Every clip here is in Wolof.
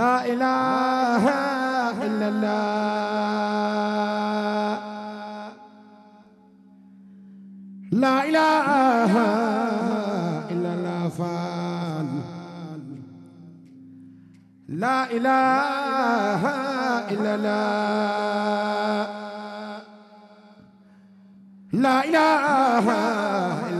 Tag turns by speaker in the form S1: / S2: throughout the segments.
S1: لا إله إلا الله لا إله إلا الله فان لا إله إلا الله لا إله إلا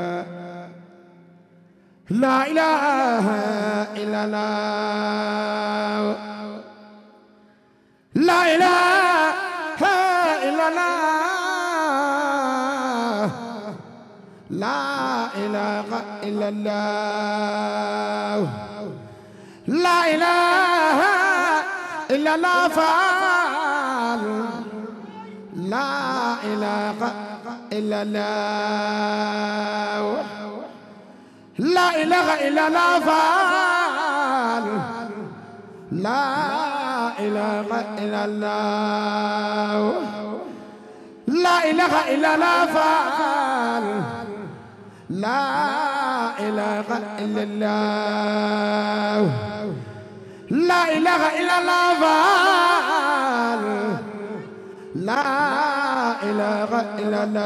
S1: laa ilaaha illallaah laa la ilaha illa la faal la ilaha illa la la la faal la ilaha illa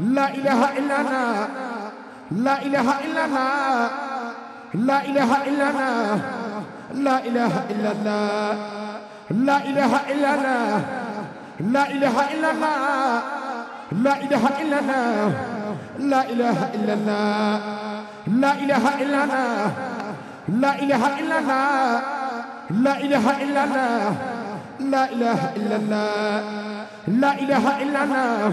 S1: لا إله إلا أنا لا إله إلا أنا لا إله إلا أنا لا إله إلا الله لا إله إلا أنا لا إله إلا الله لا إله إلا أنا لا إله إلا الله لا إله إلا أنا لا إله إلا أنا لا إله إلا أنا لا إله إلا الله لا إله إلا أنا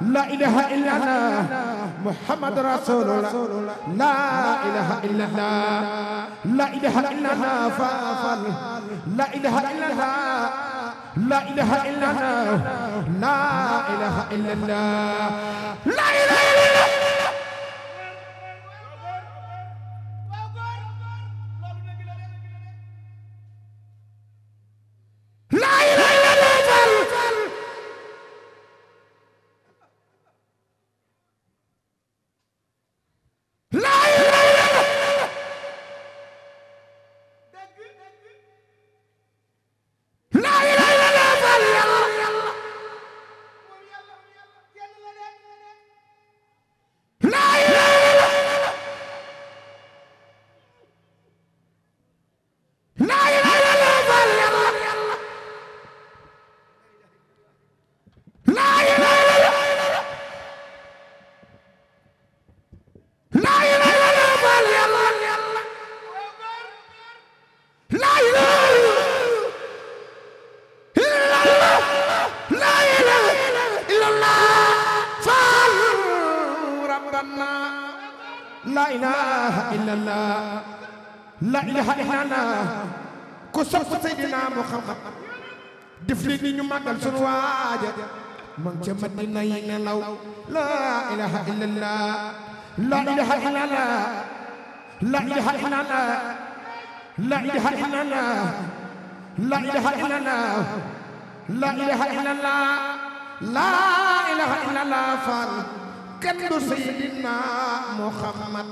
S1: لا إله إلا الله محمد رسول الله لا إله إلا الله
S2: لا إله إلا الله فافل
S1: لا إله إلا الله لا إله إلا الله لا إله إلا الله لا إله إلا الله màggal sunu waaja man ca Madina yi nelaw la ilaha illallah la ilaha illallah la ilaha illallah la ilaha illallah la ilaha illallah la ilaha illallah la ilaha illallah faal kenn du sayyidina Muhammad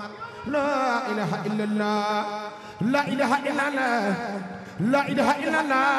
S1: la ilaha illallah la ilaha illallah la ilaha illallah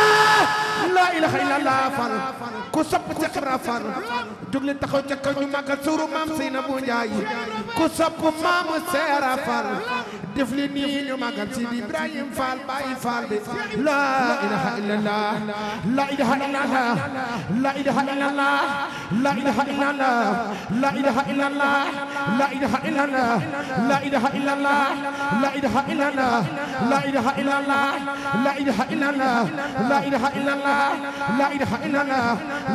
S1: laa fal ku sopp Cheikh Ibra Fall jugli taxaw ca kaw ñu màggal suuru maam Seynabou Ndiaye ku sopp maam Seera Fall def li nii ñu magal si Ibrahim Fall Baye Fall bi la ilaha illallah la ilaha illallah la ilaha illallah la ilaha illallah la ilaha illallah la ilaha illallah la ilaha illallah la ilaha illallah la ilaha illallah la ilaha illallah la ilaha illallah la ilaha illallah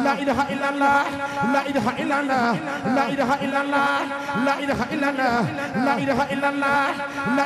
S1: la ilaha illallah la ilaha illallah la ilaha illallah la ilaha illallah la ilaha illallah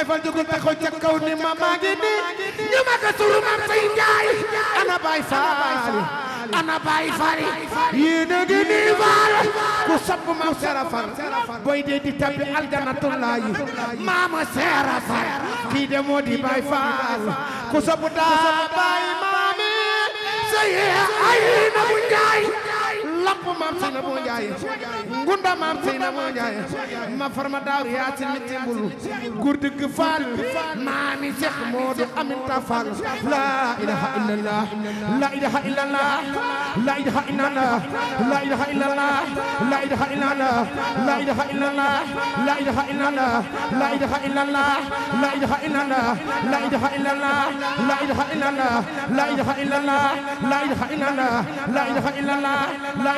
S1: Baay Faal jógul ca kaw ni ma maa ngi ni ma ko suru ma say njaay ana Baay Faal ana Baay Faal yéen a ngi nii faal ku sopp maam Seera Faal booy dee di tabbi aljanatullaahi maama Seera Faal kii de moo di Baay Faal ku sopp daa Baay maami say ay na bu njaay lamp maam Seyna boo Ndiaye ngunda maam Seyna boo Ndiaye ma farma daaru yaasin mi timbulu gurdug faal maami Seex Moodu Aminta Faal laa ilaaha illallah laa ilaaha illallah laa ilaaha illallah laa ilaaha illallah laa ilaaha illallah laa ilaaha illallah laa ilaaha illallah laa ilaaha illallah laa ilaaha illallah laa ilaaha illallah laa ilaaha illallah laa ilaaha illallah laa ilaaha illallah laa ilaaha illallah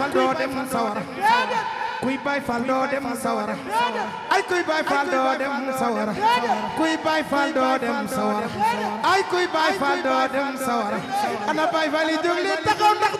S1: fal doo dem sawara kuy bay fal doo dem sawara ay kuy bay fal doo dem sawara kuy bay fal doo dem sawara ay kuy bay fal doo dem sawara ana bay fal yi jóg leen taxaw ndax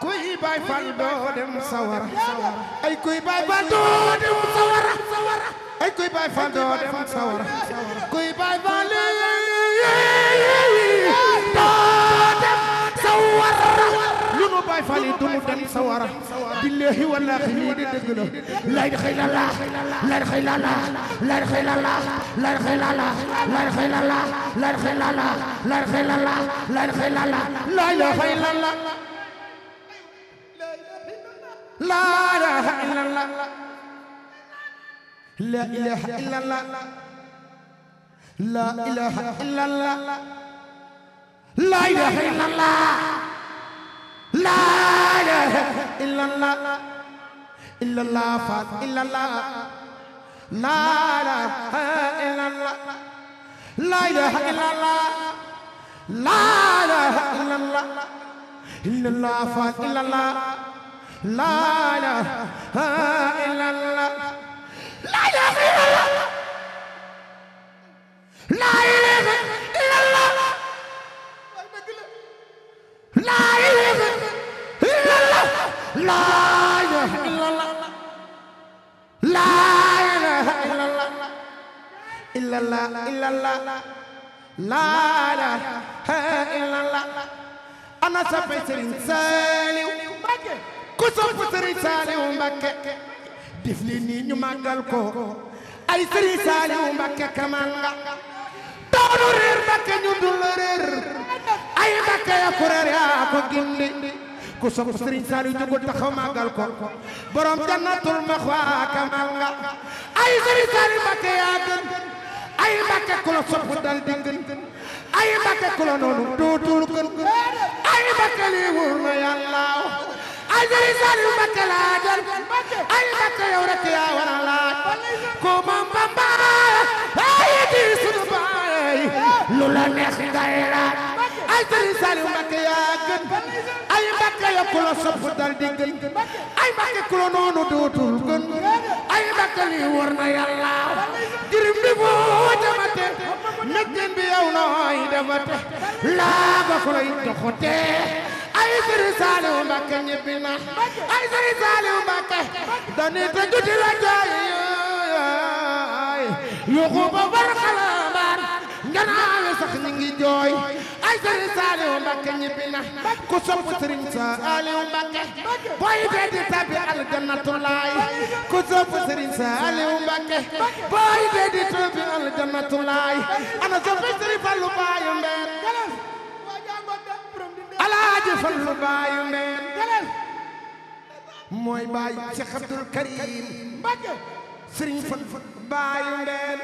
S1: kuy baay faal doo dem sawara ay kuy baay faal doo dem sawara sawara baay faal yi dunu dem sawara billahi wallahi lii de dëgg la lay xëy la laax lay xëy la laax lay xëy la laax lay xëy la laax lay xëy la laax lay xëy la laax lay xëy la laax lay xëy la laax lay xëy la laax la ilaha illallah la ilaha illallah la ilaha illallah la ilaha illallah laa ilaaha illallah illallah faat illallah laa ilaaha illallah laa ilaaha illallah laa ilaaha illallah illallah faat illallah laa ilaaha illallah laa ilaaha illallaah ana soppe sëriñ saaliw ku sopp sëriñ saaliw mbakke def li nii ñu màggal ko ay sëriñ saaliw mbakke kaman nga doonu réer mbakke ñu dul réer ay mbakke ya ku réer ko gindi ku sopp sëriñ saaliw jógul taxaw màggal ko borom jannatul maxwa kaman nga ay sëriñ saaliw mbakke yaa gën ay Mbàkke ku la sopp dal di gën ay Mbàkke ku la noonu dootul gën ay Mbàkke lii wóor na yaa war a ay di sunu baay lu la la gën ay Mbàkke ku la noonu dootul gën dafate laa ba koy doxote ay sëriñ Saaliw Mbàkke ñibbi na ay sëriñ Saaliw Mbàkke dañuy tëgg ci la jooy yuxu ba bar xalaat nganaale sax ñi ngi jooy ay sëriñ Saaliw Mbàkke ñibbi na ku sopp sëriñ Saaliw Mbàkke booy dee di tabbi aljannatu laay ku sopp sëriñ Saaliw Mbàkke booy dee di tabbi aljannatu laay ana soppi sëriñ Fallu baayu mbeen alaaji Fallu baayu mbeen mooy baay Cheikh Abdul Karim Mbàkke sëriñ fat baayu ndeen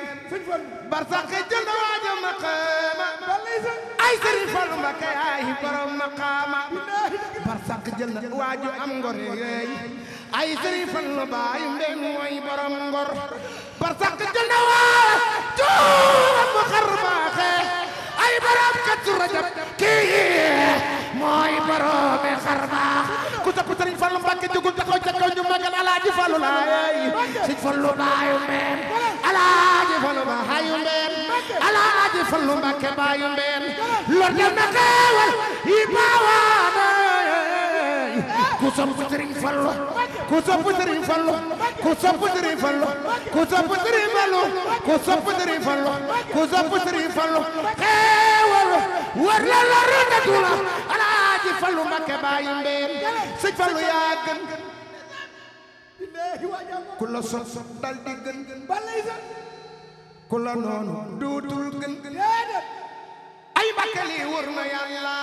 S1: barsax jël na waaja maqaama ay sëriñ Fallu Mbakke ay borom maqaama barsax jël na waaju am ngor yeey ay sëriñ Fallu baayu ndeen mooy borom ngor barsax jël na waaju mu xar baaxe ay borom katu rajab kii mooy borom e xar baax ku topp sëriñ Fallu Mbàkke jugul taxaw ca kaw ñu magal alaaji Fallu laay sëriñ Fallu baayu mbeen alaaji Fallu baayu mbeen alaaji Fallu Mbàkke baayu mbeen lor na na xeewal yi baawaana ku sopp sëriñ Fallu ku sopp sëriñ Fallu ku sopp sëriñ Fallu ku sopp sëriñ Fallu ku sopp sëriñ Fallu ku sopp sëriñ Fallu xeewal war la lor na du la ku la sot dal di gën gën ay Mbacké lii wër na yàlla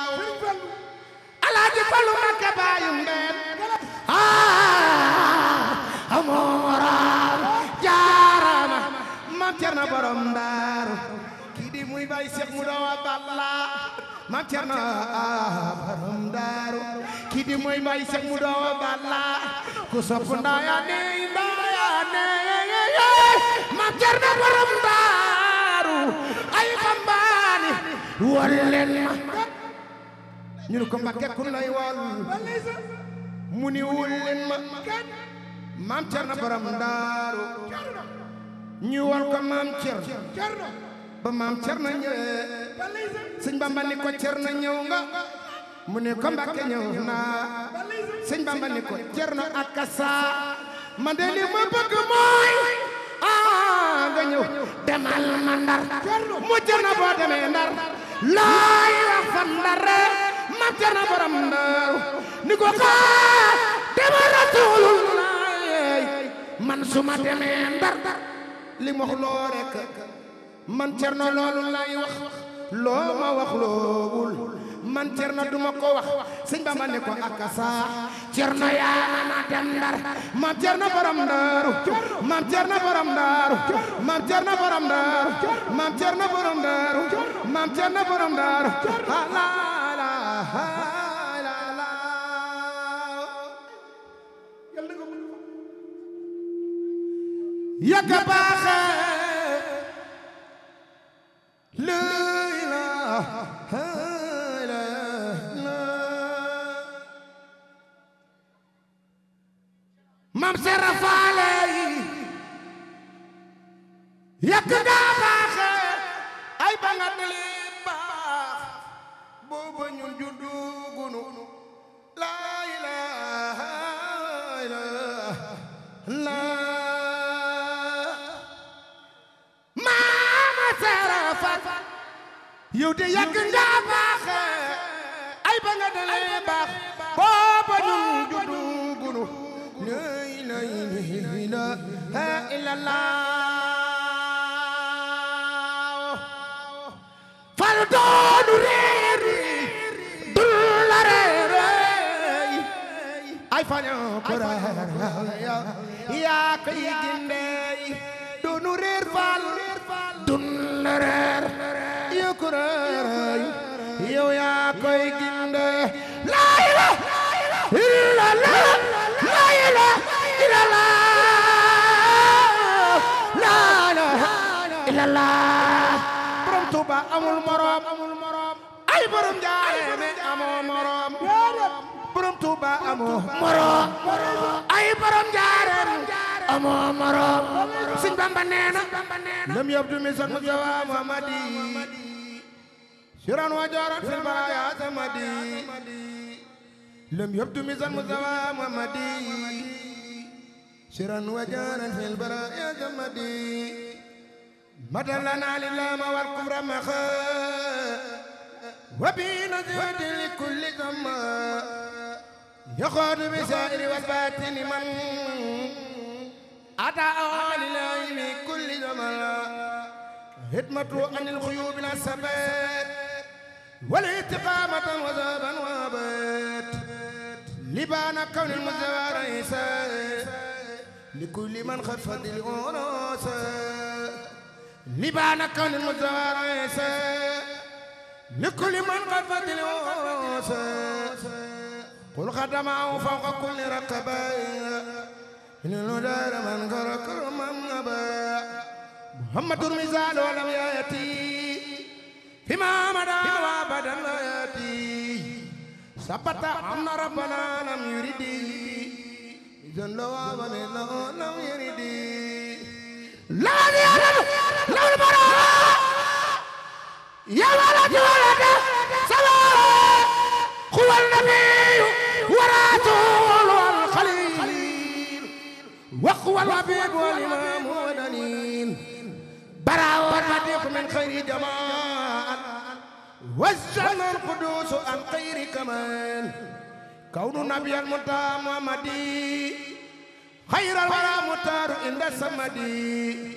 S1: alaaji Fallou Mbacké bàyyi mbeen aa ah, amoo waraam jaarama na borom ndaaru kii di muy bay Seex mu dawa balla maam Cerno borom daaru kii di mooy mbay seex mu doo balla ku sopp ndaayaane ndaayaane maam Cerno borom daaru ay xambaani war leen ma ñu ne ko Mbakke ku lay wol mu ni wul leen ma maam Cerno borom daaru ñu wol ko maam Cerno ba maam Cerno ñëwee sëñ bamba ni ko cerno ñëw nga mu ne ko mbàkke ñëw naa sëñ bamba ni ko cerno akasa man de li ma bëgg mooy ah nga ñëw demal ma ndar mu cerno boo demee ndar looy wax fa ndar ma cerno borom ndar ni ko xaar dema rasulul man su ma demee ndar li ma wax rek man cerno loolu lay wax loo ma wax loowul man cerno duma ko wax sëñ Bamba ne ko ak saa cerno yaa mana dem ndar maam cerno borom ndaru maam cerno borom ndaru maam cerno borom ndaru maam cerno borom ndaru maam cerno borom ndaru ala ala baaxee yàkk daa baaxe ay ba nga dali baax booba ñun juddugunu laa ilaaha illallaah maama seera fat yow de yàkk daa baaxe ay ba nga dali baax booba ñun juddugunu laa ilaaha illallaah yaa koy gindey du nu réer faal dun la reer yu ko reer yow yaa koy gindey laa ilaaha illallaah laa ilaaha illallaah laa ilaaha illallaah borom Tuuba amul morom ay borom jaare ne amoo morom Touba amoo moroom ay borom njaareem amoo moroom Sëñ Bamba nee na lam yabdu mi sak jawa Muhammadi siran wa jaaran fil baraya samadi lam yabdu mi sak jawa Muhammadi siran wa jaaran fil baraya samadi madalana lilama wal kubra maxa wa bi nazati li kulli zamma يخوض بسائر والباطن من أتى أعالي الله من كل زمن هدمة عن الخيوب لا سبات والاستقامة وذهبا وابت لبان كون المزوى رئيسا لكل من خفض الأنوس لبان كون المزوى رئيسا لكل من خفض الأنوس wul xadamaaw fawqa kulli raqabaya minu lu daara man kara karamam nabaya muhammadun misaalu lam yaati fi ma mada wa badan la yaati sabata anna rabbana lam yuridi idan lawabane law lam yuridi lawan yaran lawal bara ya walati walada sawa huwa an-nabiyyu والوبيب والإمام ودليل برا والرديق من خير جمال والزمن القدوس عن خير كمال كون نبي المتى محمدي خير الورى متار عند السمدي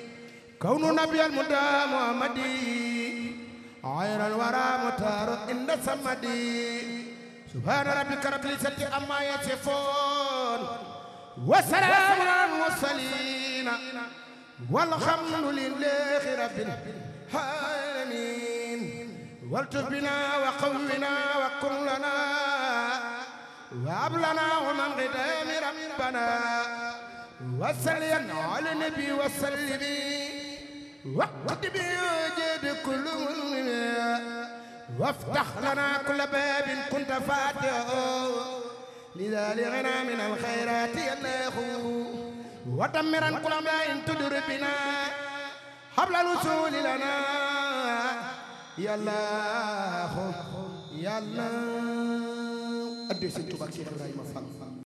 S1: كون نبي المتى محمدي خير الورى متار عند السمدي سبحان ربك رب العزة عما يصفون وسلام على المرسلين والحمد لله رب العالمين والتف بنا وقونا وكن لنا وابلنا ومن غدام ربنا وسلم على النبي وسلم وقت بيجد كل مؤمن وافتح لنا كل باب كنت فاتحه لذا لغنا من الخيرات يناخ ودمرا كل ما تدر بنا حبل الوصول لنا يا الله يا الله أدي سنتو بكسي إبراهيم فال